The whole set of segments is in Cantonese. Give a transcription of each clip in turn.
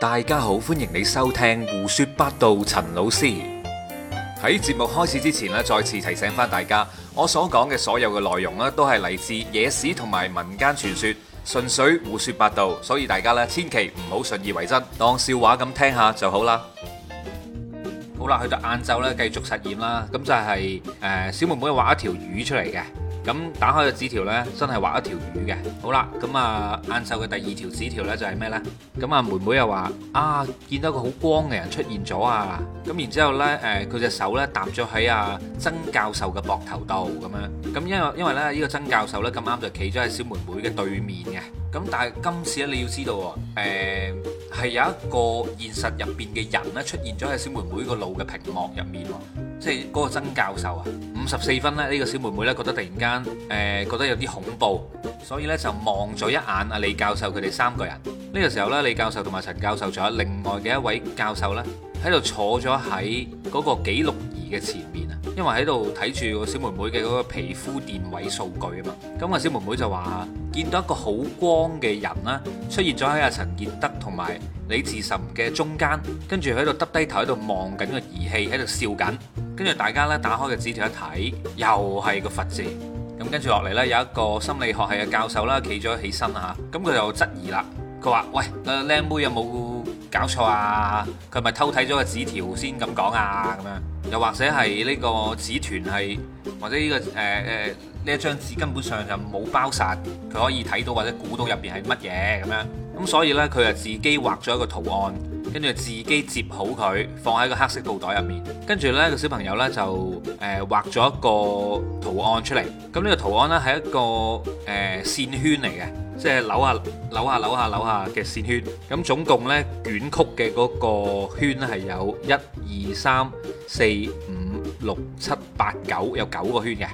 大家好，歡迎你收聽胡說八道。陳老師喺節目開始之前咧，再次提醒翻大家，我所講嘅所有嘅內容咧，都係嚟自野史同埋民間傳說，純粹胡說八道，所以大家咧千祈唔好信以為真，當笑話咁聽下就好啦。好啦，去到晏晝咧，繼續實驗啦。咁就係、是、誒、呃，小妹妹畫一條魚出嚟嘅。咁打開個紙條呢，真係畫一條魚嘅。好啦，咁、嗯、啊，晏晝嘅第二條紙條呢，就係、是、咩呢？咁、嗯、啊，妹妹又話啊，見到個好光嘅人出現咗啊。咁、嗯、然之後咧，誒、呃，佢隻手呢，搭咗喺阿曾教授嘅膊頭度咁樣。咁、嗯、因，因為因為咧呢、這個曾教授呢，咁啱就企咗喺小妹妹嘅對面嘅。咁、嗯、但係今次呢，你要知道，誒、呃，係有一個現實入邊嘅人呢，出現咗喺小妹妹個腦嘅屏幕入面，嗯、即係嗰個曾教授啊。十四分呢，呢個小妹妹咧覺得突然間誒、呃、覺得有啲恐怖，所以呢，就望咗一眼阿李教授佢哋三個人。呢個時候呢，李教授同埋陳教授仲有另外嘅一位教授呢，喺度坐咗喺嗰個記錄儀嘅前面啊，因為喺度睇住個小妹妹嘅嗰個皮膚電位數據啊嘛。咁個小妹妹就話見到一個好光嘅人啦，出現咗喺阿陳建德同埋李志岑嘅中間，跟住喺度耷低頭喺度望緊個儀器喺度笑緊。跟住大家咧，打開個紙條一睇，又係個佛字。咁跟住落嚟呢，有一個心理學系嘅教授啦，企咗起身啊，咁佢就質疑啦。佢話：「喂，靚妹有冇搞錯啊？佢係咪偷睇咗個紙條先咁講啊？咁樣，又或者係呢個紙團係，或者呢個誒誒呢一張紙根本上就冇包晒，佢可以睇到或者估到入邊係乜嘢咁樣。咁所以呢，佢就自己畫咗一個圖案。跟住自己折好佢，放喺個黑色布袋入面。跟住呢，個小朋友呢就誒畫咗一個圖案出嚟。咁呢個圖案呢係一個誒線圈嚟嘅，即係扭下扭下扭下扭下嘅線圈。咁總共呢捲曲嘅嗰個圈呢係有一二三四五，六七八九，有九個圈嘅，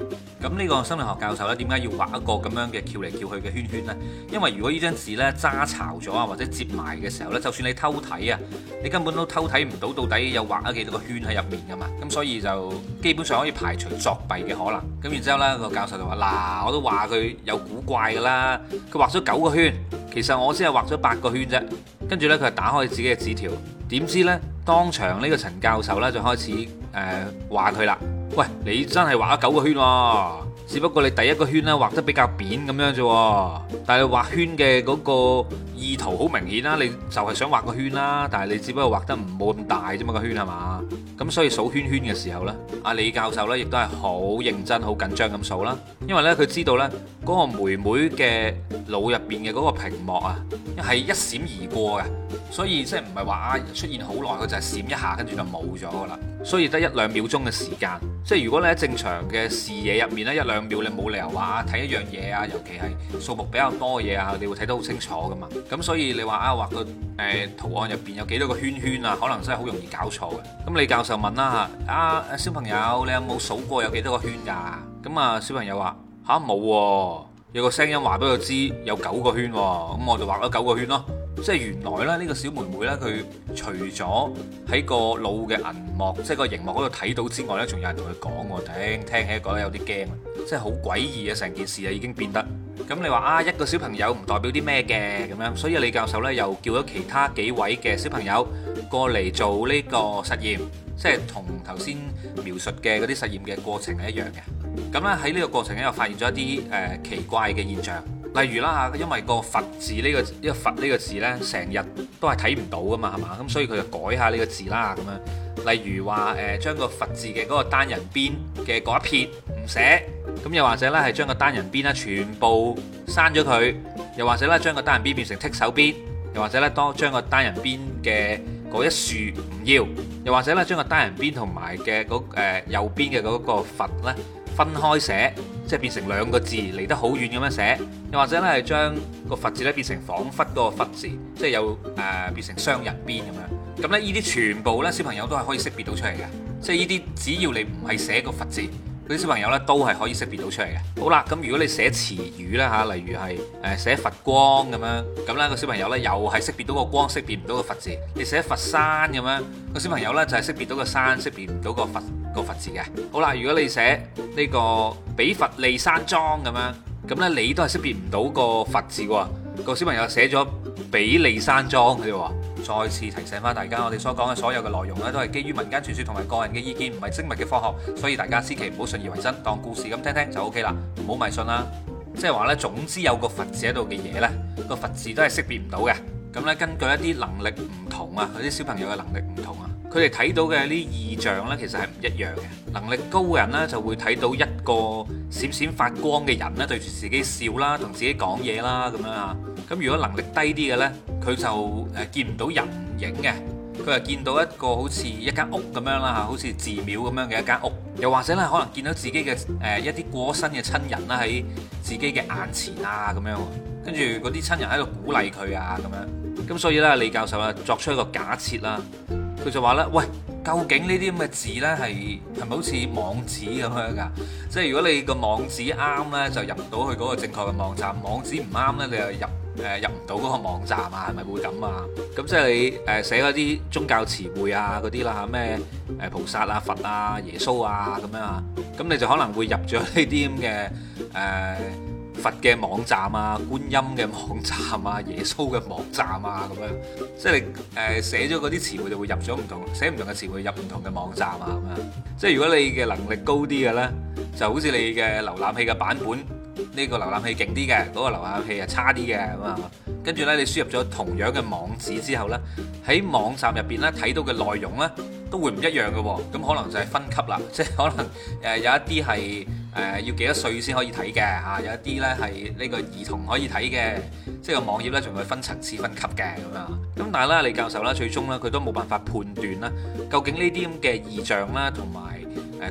咁呢個心理學教授呢點解要畫一個咁樣嘅翹嚟翹去嘅圈圈呢？因為如果呢張紙呢揸巢咗啊，或者折埋嘅時候呢，就算你偷睇啊，你根本都偷睇唔到到底有畫咗幾多個圈喺入面噶嘛，咁所以就基本上可以排除作弊嘅可能。咁然之後咧，個教授就話：嗱，我都話佢有古怪噶啦，佢畫咗九個圈，其實我先係畫咗八個圈啫。跟住呢，佢係打開自己嘅紙條，點知呢？當場呢個陳教授呢，就開始誒話佢啦，喂，你真係畫咗九個圈喎、啊，只不過你第一個圈呢，畫得比較扁咁樣啫喎，但係畫圈嘅嗰個意圖好明顯啦，你就係想畫個圈啦、啊，但係你只不過畫得唔冇咁大啫嘛、個圈係嘛，咁所以數圈圈嘅時候呢，阿李教授呢，亦都係好認真、好緊張咁數啦，因為呢，佢知道呢，嗰個妹妹嘅腦入邊嘅嗰個屏幕啊。係一閃而過嘅，所以即係唔係話啊出現好耐，佢就係閃一下，跟住就冇咗噶啦，所以得一兩秒鐘嘅時間。即係如果你喺正常嘅視野入面咧，一兩秒你冇理由話睇一樣嘢啊，尤其係數目比較多嘅嘢啊，你會睇得好清楚噶嘛。咁所以你話啊，畫個誒圖案入邊有幾多個圈圈啊？可能真係好容易搞錯嘅。咁李教授問啦吓，啊小朋友，你有冇數過有幾多個圈㗎？咁啊小朋友話吓，冇、啊、喎。有個聲音話俾我知有九個圈喎，哦，咁，嗯、我就畫咗九個圈咯，哦。即係原來咧，呢、這個小妹妹呢，佢除咗喺個腦嘅銀幕，即係個熒幕嗰度睇到之外呢，仲有人同佢講我頂，聽起覺得有啲驚啊，即係好詭異啊！成件事啊已經變得咁、嗯。你話啊，一個小朋友唔代表啲咩嘅咁樣，所以李教授呢，又叫咗其他幾位嘅小朋友過嚟做呢個實驗，即係同頭先描述嘅嗰啲實驗嘅過程係一樣嘅。咁咧喺呢個過程咧又發現咗一啲誒、呃、奇怪嘅現象，例如啦嚇，因為個佛字呢、這個呢、這個佛呢個字咧，成日都係睇唔到噶嘛，係嘛咁，所以佢就改下呢個字啦咁樣。例如話誒，將、呃、個佛字嘅嗰個單人邊嘅嗰一撇唔寫，咁又或者呢，係將個單人邊呢全部刪咗佢，又或者呢，將個單人邊變成剔手邊，又或者呢，當將個單人邊嘅嗰一豎唔要，又或者呢，將個單人邊同埋嘅嗰右邊嘅嗰個佛呢。分開寫，即係變成兩個字，離得好遠咁樣寫；又或者呢係將個佛字呢變成彷彿嗰個佛字，即係有誒、呃、變成雙人邊咁樣。咁呢呢啲全部呢，小朋友都係可以識別到出嚟嘅。即係呢啲，只要你唔係寫個佛字，嗰啲小朋友呢都係可以識別到出嚟嘅。好啦，咁如果你寫詞語啦嚇，例如係誒寫佛光咁樣，咁呢個小朋友呢又係識別到個光，識別唔到個佛字。你寫佛山咁樣，個小朋友呢就係、是、識別到個山，識別唔到個佛。個佛字嘅。好啦，如果你寫呢個比佛利山莊咁樣，咁咧你都係識別唔到個佛字嘅，個小朋友寫咗比利山莊佢哋。再次提醒翻大家，我哋所講嘅所有嘅內容咧，都係基於民間傳說同埋個人嘅意見，唔係精密嘅科學，所以大家千祈唔好信以為真，當故事咁聽聽就 OK 啦，唔好迷信啦。即係話咧，總之有個佛字喺度嘅嘢咧，個佛字都係識別唔到嘅。咁咧，根據一啲能力唔同啊，嗰啲小朋友嘅能力唔同啊。佢哋睇到嘅啲異象呢，其實係唔一樣嘅。能力高嘅人呢，就會睇到一個閃閃發光嘅人呢對住自己笑啦，同自己講嘢啦咁樣啊。咁如果能力低啲嘅呢，佢就誒見唔到人影嘅，佢係見到一個好似一間屋咁樣啦嚇，好似寺廟咁樣嘅一間屋，又或者呢，可能見到自己嘅誒一啲過身嘅親人啦喺自己嘅眼前啊咁樣，跟住嗰啲親人喺度鼓勵佢啊咁樣。咁所以呢，李教授啊作出一個假設啦。佢就話咧：喂，究竟呢啲咁嘅字呢，係係唔係好似網址咁樣㗎？即係如果你個網址啱呢，就入唔到去嗰個正確嘅網站；網址唔啱呢，你又入誒入唔到嗰個網站是是、呃、啊？係咪會咁啊？咁即係你誒寫嗰啲宗教詞彙啊嗰啲啦吓，咩、呃、誒菩薩啊、佛啊、耶穌啊咁樣啊，咁你就可能會入咗呢啲咁嘅誒。呃佛嘅網站啊，觀音嘅網站啊，耶穌嘅網站啊，咁樣，即係你誒寫咗嗰啲詞彙、呃、就會入咗唔同，寫唔同嘅詞彙入唔同嘅網站啊咁啊，即係如果你嘅能力高啲嘅呢，就好似你嘅瀏覽器嘅版本，呢個瀏覽器勁啲嘅，嗰個瀏覽器啊差啲嘅咁啊，跟住呢，你輸入咗同樣嘅網址之後呢，喺網站入邊呢睇到嘅內容呢，都會唔一樣嘅喎、啊，咁可能就係分級啦，即係可能誒有一啲係。誒、呃、要幾多歲先可以睇嘅嚇？有一啲呢係呢個兒童可以睇嘅，即係個網頁呢仲會分層次分級嘅咁樣。咁但係咧，李教授呢，最終呢，佢都冇辦法判斷啦，究竟呢啲咁嘅異象啦，同埋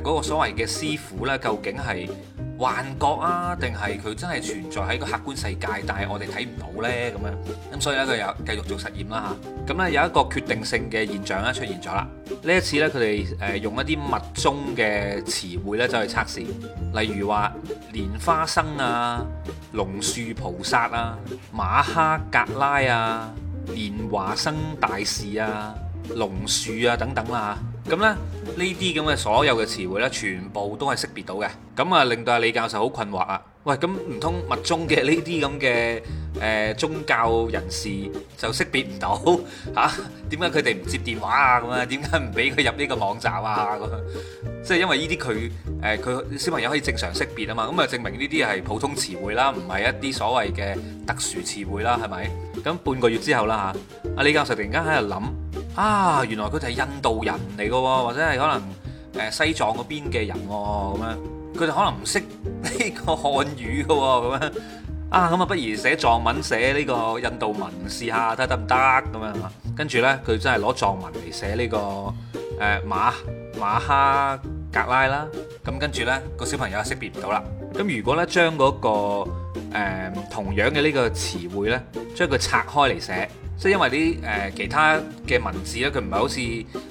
誒嗰個所謂嘅師傅啦，究竟係，幻覺啊，定係佢真係存在喺個客觀世界，但係我哋睇唔到呢。咁樣。咁所以呢，佢又繼續做實驗啦吓，咁呢，有一個決定性嘅現象咧出現咗啦。呢一次呢，佢哋誒用一啲密宗嘅詞彙呢，走去測試，例如話蓮花生啊、龍樹菩薩啊、馬哈格拉啊、蓮華生大士啊、龍樹啊等等啦，啊咁咧，呢啲咁嘅所有嘅詞彙呢，全部都係識別到嘅。咁啊，令到阿李教授好困惑啊！喂，咁唔通密宗嘅呢啲咁嘅誒宗教人士就識別唔到嚇？點解佢哋唔接電話啊？咁啊，點解唔俾佢入呢個網站啊？咁即係因為呢啲佢誒佢小朋友可以正常識別啊嘛。咁啊，證明呢啲係普通詞彙啦，唔係一啲所謂嘅特殊詞彙啦，係咪？咁半個月之後啦嚇，阿李教授突然間喺度諗。啊，原來佢哋係印度人嚟嘅喎，或者係可能誒西藏嗰邊嘅人喎，咁樣佢哋可能唔識呢個漢語嘅喎，咁樣啊，咁啊不如寫藏文寫呢個印度文試下睇下得唔得咁樣，跟住呢，佢真係攞藏文嚟寫呢個誒、呃、馬馬哈格拉啦，咁跟住呢個小朋友又識別唔到啦。咁如果呢，將嗰、個、呃、同樣嘅呢個詞彙呢，將佢拆開嚟寫。即係因為啲誒、呃、其他嘅文字咧，佢唔係好似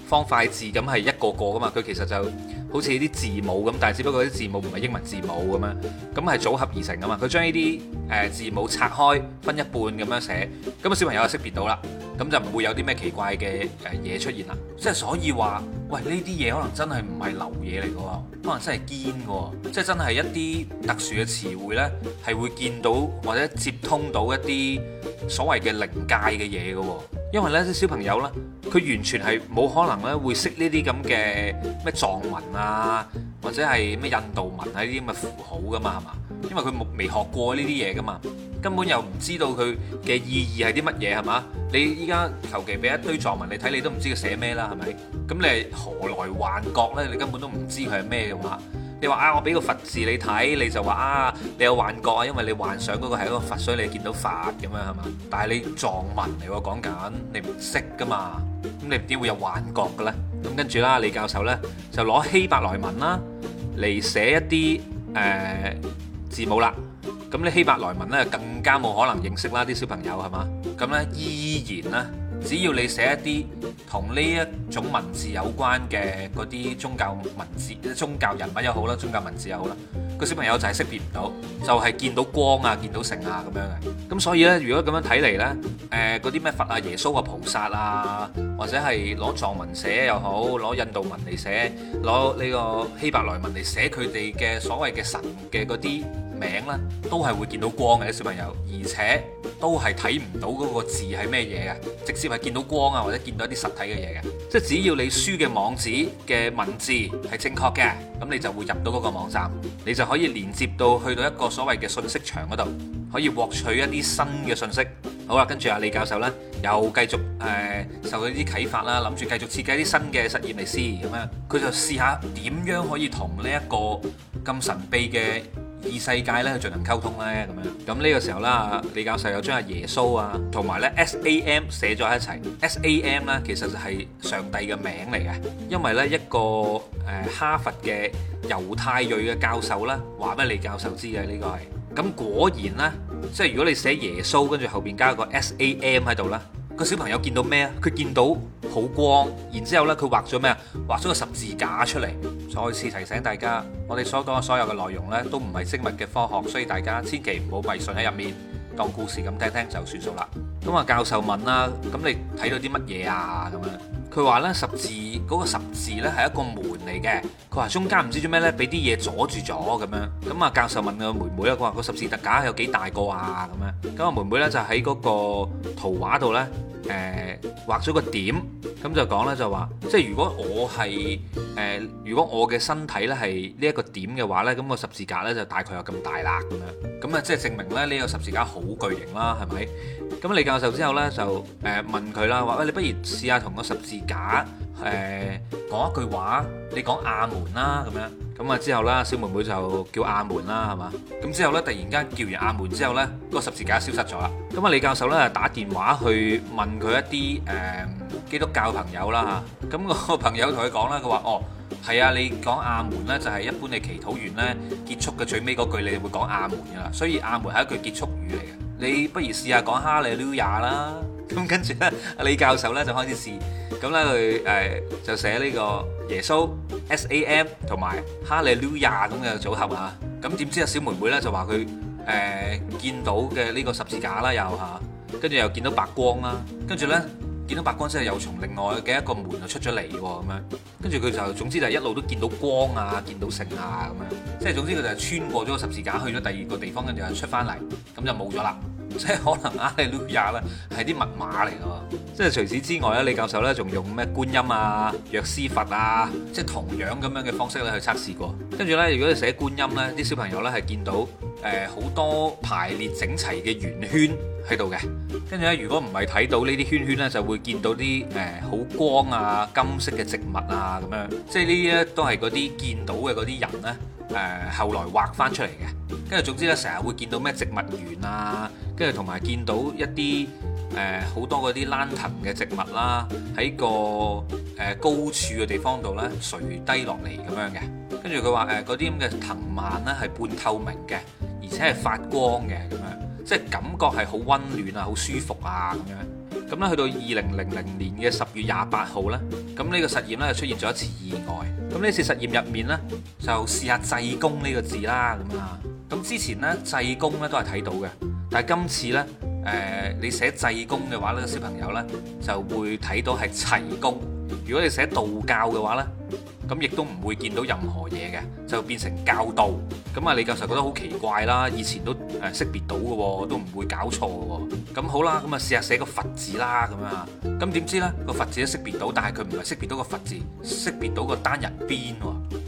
方塊字咁係一個個噶嘛，佢其實就。好似啲字母咁，但係只不過啲字母唔係英文字母咁樣，咁係組合而成噶嘛。佢將呢啲誒字母拆開，分一半咁樣寫，咁小朋友就識別到啦。咁就唔會有啲咩奇怪嘅誒嘢出現啦。即係所以話，喂，呢啲嘢可能真係唔係流嘢嚟嘅，可能真係堅嘅，即係真係一啲特殊嘅詞彙呢，係會見到或者接通到一啲所謂嘅靈界嘅嘢嘅喎。因為呢啲小朋友呢，佢完全係冇可能咧會識呢啲咁嘅咩藏文啊，或者係咩印度文啊啲咁嘅符號噶嘛，係嘛？因為佢冇未學過呢啲嘢噶嘛，根本又唔知道佢嘅意義係啲乜嘢，係嘛？你依家求其俾一堆藏文你睇，你都唔知佢寫咩啦，係咪？咁你係何來幻覺呢？你根本都唔知佢係咩嘅話。你話啊，我俾個佛字你睇，你就話啊，你有幻覺啊，因為你幻想嗰個係一個佛，所以你見到佛。咁樣係嘛？但係你藏文嚟，我講緊你唔識噶嘛，咁你點會有幻覺嘅咧？咁跟住啦，李教授咧就攞希伯來文啦嚟寫一啲誒、呃、字母啦。咁你希伯來文咧更加冇可能認識啦，啲小朋友係嘛？咁咧依然啦。只要你寫一啲同呢一種文字有關嘅嗰啲宗教文字、宗教人物又好啦，宗教文字又好啦，個小朋友就係識別唔到，就係見到光啊，見到聖啊咁樣嘅。咁所以呢，如果咁樣睇嚟呢，誒嗰啲咩佛啊、耶穌啊、菩薩啊，或者係攞藏文寫又好，攞印度文嚟寫，攞呢個希伯來文嚟寫佢哋嘅所謂嘅神嘅嗰啲名呢，都係會見到光嘅，啲小朋友，而且都係睇唔到嗰個字係咩嘢嘅，直接係見到光啊，或者見到一啲實體嘅嘢嘅。即係只要你輸嘅網址嘅文字係正確嘅，咁你就會入到嗰個網站，你就可以連接到去到一個所謂嘅信息牆嗰度，可以獲取一啲新嘅信息。好啦，跟住阿李教授呢，又繼續誒受佢呢啲啟發啦，諗住繼續設計啲新嘅實驗嚟試，咁樣佢就試下點樣可以同呢一個咁神秘嘅。異世界咧去進行溝通咧咁樣，咁、這、呢個時候啦，李教授又將阿耶穌啊同埋咧 S A M 寫咗喺一齊，S A M 咧其實就係上帝嘅名嚟嘅，因為咧一個誒哈佛嘅猶太裔嘅教授啦，話俾李教授知嘅呢、這個係，咁果然啦，即係如果你寫耶穌跟住後邊加一個 S A M 喺度啦。個小朋友見到咩啊？佢見到好光，然之後呢，佢畫咗咩啊？畫咗個十字架出嚟。再次提醒大家，我哋所講嘅所有嘅內容呢，都唔係精密嘅科學，所以大家千祈唔好迷信喺入面，當故事咁聽聽就算數啦。咁、嗯、啊，教授問啦，咁你睇到啲乜嘢啊？咁樣、啊。佢話咧十字嗰個十字咧係一個門嚟嘅。佢話中間唔知做咩呢，俾啲嘢阻住咗咁樣。咁啊，教授問個妹妹，佢話個十字架有幾大個啊咁樣。咁啊，妹妹呢就喺嗰個圖畫度呢。誒，畫咗、呃、個點，咁就講咧就話，即係如果我係誒、呃，如果我嘅身體咧係呢一個點嘅話咧，咁、個十字架咧就大概有咁大啦咁樣，咁啊即係證明咧呢、呢個十字架好巨型啦，係咪？咁李教授之後咧就誒問佢啦，話，喂，你不如試下同個十字架。誒講、呃、一句話，你講阿門啦咁樣，咁啊之後啦，小妹妹就叫阿門啦，係嘛？咁之後呢，突然間叫完阿門之後咧，個十字架消失咗啦。咁啊，李教授呢，打電話去問佢一啲誒、呃、基督教朋友啦嚇。咁、這個朋友同佢講啦，佢話：哦，係啊，你講阿門呢，就係一般你祈禱完呢結束嘅最尾嗰句，你會講阿門噶啦。所以阿門係一句結束語嚟嘅。你不如試下講哈利路亞啦。咁跟住咧，阿李教授咧就開始試，咁咧佢誒就寫呢個耶穌 S A M 同埋哈利路亞咁嘅組合啊。咁點知阿小妹妹咧就話佢誒見到嘅呢個十字架啦又嚇，跟住又見到白光啦，跟住咧見到白光之後又從另外嘅一個門就出咗嚟喎咁樣，跟住佢就總之就一路都見到光啊，見到聖啊咁樣，即係總之佢就係穿過咗個十字架去咗第二個地方，跟住又出返嚟，咁就冇咗啦。即係可能啊，哈利路亞係啲密碼嚟㗎。即係除此之外咧，李教授咧仲用咩觀音啊、藥師佛啊，即係同樣咁樣嘅方式咧去測試過。跟住咧，如果你寫觀音咧，啲小朋友咧係見到誒好多排列整齊嘅圓圈喺度嘅。跟住咧，如果唔係睇到呢啲圈圈咧，就會見到啲誒好光啊、金色嘅植物啊咁樣。即係呢啲咧都係嗰啲見到嘅嗰啲人咧誒後來畫翻出嚟嘅。跟住總之咧，成日會見到咩植物園啊～跟住同埋見到一啲誒好多嗰啲纖藤嘅植物啦，喺個誒高處嘅地方度咧垂低落嚟咁樣嘅。跟住佢話誒嗰啲咁嘅藤蔓咧係半透明嘅，而且係發光嘅咁樣，即係感覺係好温暖啊，好舒服啊咁樣。咁咧去到二零零零年嘅十月廿八號咧，咁呢個實驗咧就出現咗一次意外。咁呢次實驗入面咧就試下祭公呢個字啦咁啊。咁之前咧祭公咧都係睇到嘅。但係今次咧，誒你寫濟公嘅話咧，個小朋友咧就會睇到係齊公；如果你寫道教嘅話咧，咁亦都唔會見到任何嘢嘅，就變成教道。咁啊，李教授覺得好奇怪啦，以前都誒識別到嘅喎，都唔會搞錯嘅喎。咁好啦，咁啊試下寫個佛字啦，咁樣。咁點知咧個佛字都識別到，但係佢唔係識別到個佛字，識別到個單人邊喎。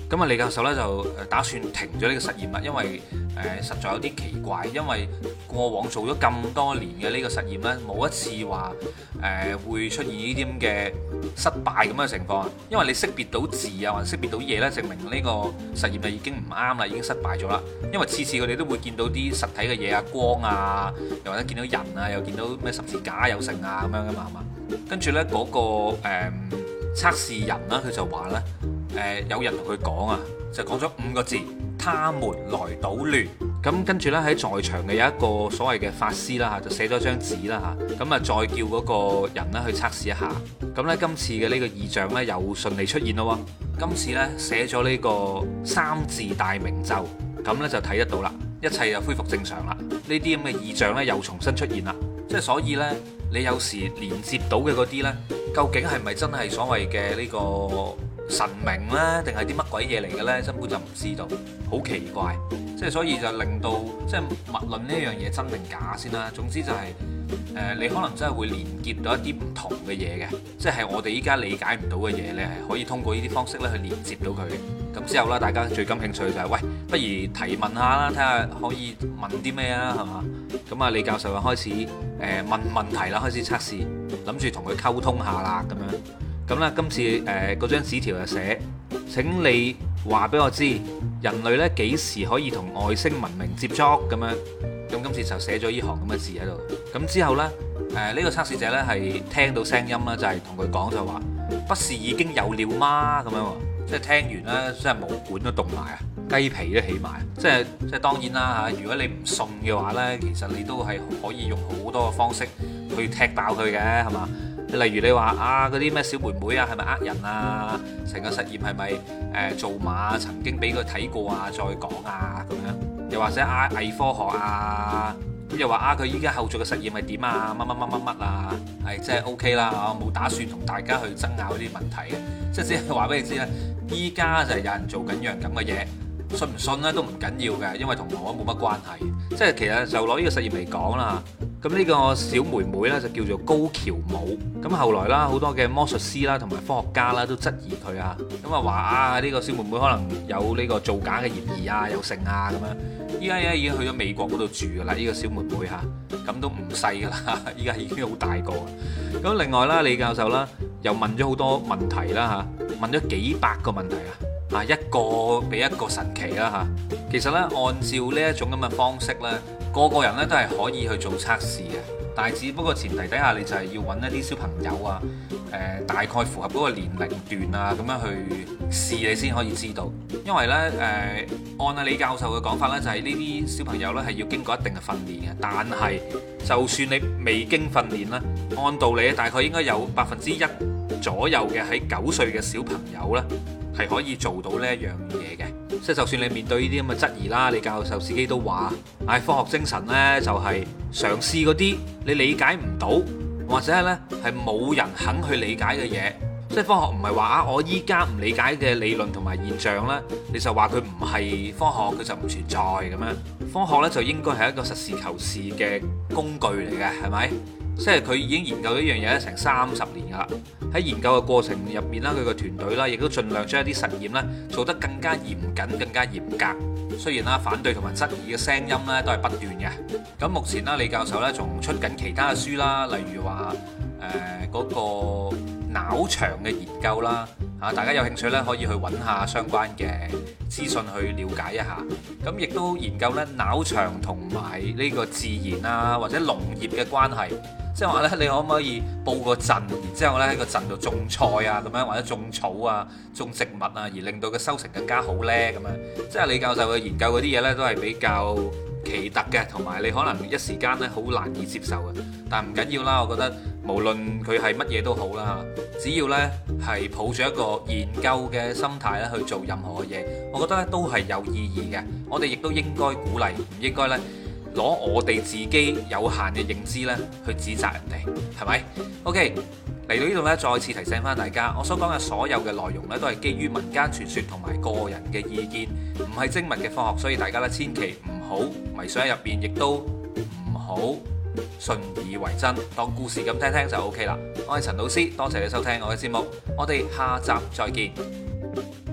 咁啊，李教授咧就誒打算停咗呢個實驗啦，因為。誒實在有啲奇怪，因為過往做咗咁多年嘅呢個實驗呢，冇一次話誒、呃、會出現呢啲咁嘅失敗咁嘅情況。因為你識別到字啊，或者識別到嘢呢，證明呢個實驗就已經唔啱啦，已經失敗咗啦。因為次次佢哋都會見到啲實體嘅嘢啊，光啊，又或者見到人啊，又見到咩十字架有剩啊咁樣噶嘛，係嘛？跟住呢嗰個誒測試人呢，佢、那個呃、就話呢誒有人同佢講啊，就講、是、咗五個字。他們來搗亂，咁跟住呢，喺在場嘅有一個所謂嘅法師啦嚇，就寫咗張紙啦嚇，咁啊再叫嗰個人啦去測試一下，咁呢，今次嘅呢個異象呢，又順利出現咯。今次呢，寫咗呢個三字大明咒，咁呢，就睇得到啦，一切又恢復正常啦，呢啲咁嘅異象呢，又重新出現啦，即係所以呢，你有時連接到嘅嗰啲呢，究竟係咪真係所謂嘅呢個？神明咧，定係啲乜鬼嘢嚟嘅咧？根本就唔知道，好奇怪，即係所以就令到即係物論呢樣嘢真定假先啦。總之就係、是、誒、呃，你可能真係會連結到一啲唔同嘅嘢嘅，即係我哋依家理解唔到嘅嘢咧，可以通過呢啲方式咧去連接到佢。咁之後呢，大家最感興趣就係喂，不如提問下啦，睇下可以問啲咩啊，係嘛？咁啊，李教授啊，開始誒、呃、問問題啦，開始測試，諗住同佢溝通下啦，咁樣。咁咧，今次誒嗰、呃、張紙條就寫：請你話俾我知人類咧幾時可以同外星文明接觸咁樣。咁今次就寫咗呢行咁嘅字喺度。咁之後呢，誒、呃、呢、這個測試者呢係聽到聲音啦，就係同佢講就話：不是已經有了嗎？咁樣、哦，即係聽完啦，即係毛管都凍埋啊，雞皮都起埋。即係即係當然啦嚇，如果你唔信嘅話呢，其實你都係可以用好多嘅方式去踢爆佢嘅，係嘛？例如你話啊，嗰啲咩小妹妹啊，係咪呃人啊？成個實驗係咪誒做馬？曾經俾佢睇過啊，再講啊咁樣。又或者啊，偽科學啊？咁又話啊，佢依家後續嘅實驗係點啊？乜乜乜乜乜啊？係即係 OK 啦，我冇打算同大家去爭拗啲問題嘅，即係只係話俾你知咧。依家就係有人做緊一樣咁嘅嘢。信唔信咧都唔緊要嘅，因為同我冇乜關係。即係其實就攞呢個實驗嚟講啦，咁、這、呢個小妹妹呢，就叫做高橋舞。咁後來啦，好多嘅魔術師啦同埋科學家啦都質疑佢啊，咁啊話啊呢個小妹妹可能有呢個造假嘅嫌疑啊，有誠啊咁樣。依家依家已經去咗美國嗰度住噶啦，呢、這個小妹妹嚇，咁都唔細噶啦，依家已經好大個。咁另外啦，李教授啦又問咗好多問題啦嚇，問咗幾百個問題啊！啊，一個比一個神奇啦嚇！其實咧，按照呢一種咁嘅方式咧，個個人咧都係可以去做測試嘅，但係只不過前提底下你就係要揾一啲小朋友啊，誒，大概符合嗰個年齡段啊咁樣去試你先可以知道，因為咧誒，按阿李教授嘅講法咧，就係呢啲小朋友咧係要經過一定嘅訓練嘅，但係就算你未經訓練咧，按道理大概應該有百分之一左右嘅喺九歲嘅小朋友咧。係可以做到呢一樣嘢嘅，即係就算你面對呢啲咁嘅質疑啦，李教授自己都話：「唉，科學精神呢，就係嘗試嗰啲你理解唔到或者係呢係冇人肯去理解嘅嘢，即係科學唔係話啊，我依家唔理解嘅理論同埋現象呢，你就話佢唔係科學佢就唔存在咁樣。科學呢，就應該係一個實事求是嘅工具嚟嘅，係咪？即係佢已經研究咗一樣嘢成三十年㗎啦，喺研究嘅過程入面啦，佢個團隊啦，亦都盡量將一啲實驗呢做得更加嚴謹、更加嚴格。雖然啦，反對同埋質疑嘅聲音呢都係不斷嘅。咁目前呢，李教授呢仲出緊其他嘅書啦，例如話誒嗰個。撓場嘅研究啦，嚇大家有興趣咧，可以去揾下相關嘅資訊去了解一下。咁亦都研究咧，撓場同埋呢個自然啊，或者農業嘅關係，即係話呢，你可唔可以布個陣，然之後呢，喺個陣度種菜啊，咁樣或者種草啊，種植物啊，而令到佢收成更加好呢？咁樣，即係李教授嘅研究嗰啲嘢呢，都係比較奇特嘅，同埋你可能一時間呢，好難以接受嘅，但係唔緊要啦，我覺得。無論佢係乜嘢都好啦，只要咧係抱住一個研究嘅心態咧去做任何嘅嘢，我覺得咧都係有意義嘅。我哋亦都應該鼓勵，唔應該咧攞我哋自己有限嘅認知咧去指責人哋，係咪？OK，嚟到呢度咧，再次提醒翻大家，我所講嘅所有嘅內容咧，都係基於民間傳說同埋個人嘅意見，唔係精密嘅科學，所以大家咧千祈唔好迷信喺入邊，亦都唔好。信以為真，當故事咁聽聽就 OK 啦。我係陳老師，多謝你收聽我嘅節目，我哋下集再見。